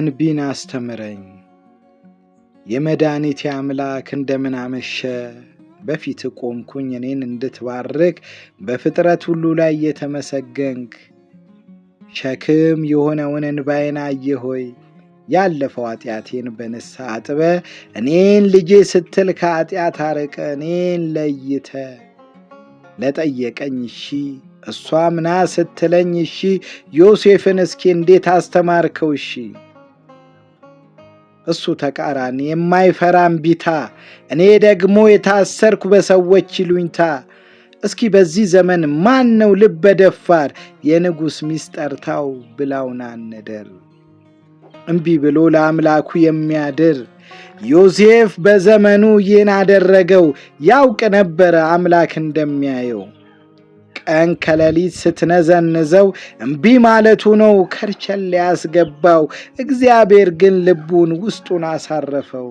እንቢን አስተምረኝ። የመድኃኒቴ አምላክ እንደምን አመሸ። በፊት ቆምኩኝ እኔን እንድትባርክ በፍጥረት ሁሉ ላይ የተመሰገንክ ሸክም የሆነውን እንባዬን አየህ ሆይ ያለፈው ኃጢአቴን በንስሐ አጥበ እኔን ልጄ ስትል ከኃጢአት አርቀ እኔን ለይተ ለጠየቀኝ እሺ እሷም ና ስትለኝ እሺ ዮሴፍን እስኪ እንዴት አስተማርከው እሺ እሱ ተቃራኒ የማይፈራ እምቢታ፣ እኔ ደግሞ የታሰርኩ በሰዎች ይሉኝታ። እስኪ በዚህ ዘመን ማን ነው ልበ ደፋር የንጉሥ ሚስጠርታው ብላውና ነደር እምቢ ብሎ ለአምላኩ የሚያድር ዮሴፍ በዘመኑ ይህን አደረገው፣ ያውቅ ነበረ አምላክ እንደሚያየው። ቀን ከሌሊት ስትነዘንዘው እምቢ ማለቱ ነው ከርቸን ሊያስገባው። እግዚአብሔር ግን ልቡን ውስጡን አሳረፈው።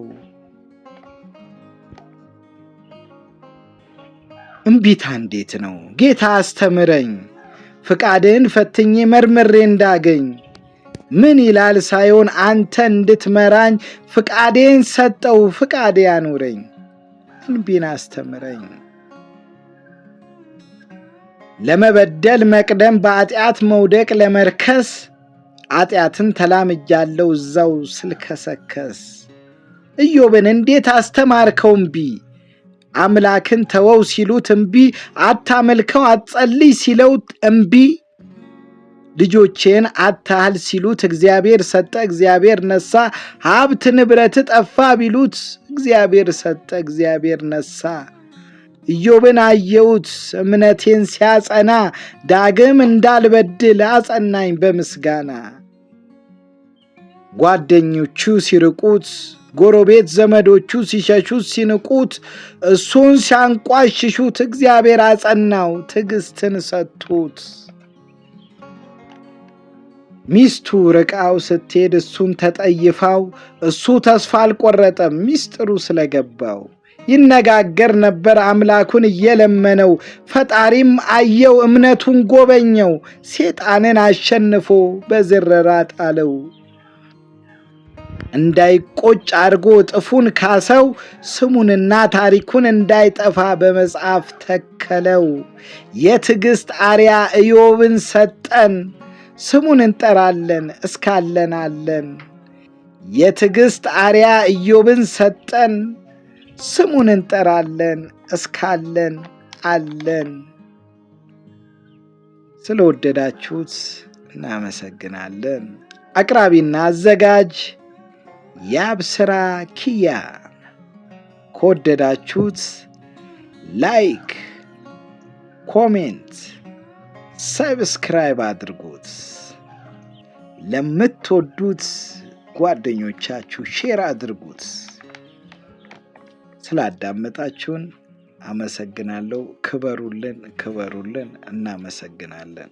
እምቢታ እንዴት ነው ጌታ አስተምረኝ፣ ፍቃድህን ፈትኜ መርምሬ እንዳገኝ ምን ይላል ሳይሆን አንተ እንድትመራኝ ፍቃዴን ሰጠው ፍቃዴ አኑረኝ እንቢን አስተምረኝ። ለመበደል መቅደም፣ በአጢአት መውደቅ፣ ለመርከስ አጢአትን ተላምጃለው እዛው ስልከሰከስ። እዮብን እንዴት አስተማርከው እምቢ አምላክን ተወው ሲሉት እምቢ አታመልከው አትጸልይ ሲለው እምቢ ልጆቼን አታህል ሲሉት እግዚአብሔር ሰጠ እግዚአብሔር ነሳ ሀብት ንብረት ጠፋ ቢሉት እግዚአብሔር ሰጠ እግዚአብሔር ነሳ ኢዮብን አየሁት፣ እምነቴን ሲያጸና ዳግም እንዳልበድል አጸናኝ በምስጋና። ጓደኞቹ ሲርቁት ጎረቤት ዘመዶቹ ሲሸሹት ሲንቁት እሱን ሲያንቋሽሹት እግዚአብሔር አጸናው ትዕግስትን ሰጡት። ሚስቱ ርቃው ስትሄድ እሱን ተጠይፋው እሱ ተስፋ አልቆረጠም ሚስጥሩ ስለገባው ይነጋገር ነበር አምላኩን እየለመነው። ፈጣሪም አየው እምነቱን ጎበኘው፣ ሴጣንን አሸንፎ በዝረራ ጣለው። እንዳይቆጭ አድርጎ ጥፉን ካሰው፣ ስሙንና ታሪኩን እንዳይጠፋ በመጽሐፍ ተከለው። የትዕግሥት አርያ ኢዮብን ሰጠን፣ ስሙን እንጠራለን እስካለን አለን። የትዕግሥት አርያ ኢዮብን ሰጠን ስሙን እንጠራለን እስካለን አለን። ስለወደዳችሁት እናመሰግናለን። አቅራቢና አዘጋጅ ያብስራ ኪያ። ከወደዳችሁት ላይክ፣ ኮሜንት፣ ሰብስክራይብ አድርጉት። ለምትወዱት ጓደኞቻችሁ ሼር አድርጉት። ስላዳመጣችሁን አመሰግናለሁ። ክበሩልን፣ ክበሩልን። እናመሰግናለን።